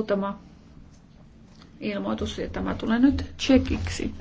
Muutama ilmoitus, ja tämä tulee nyt tsekiksi.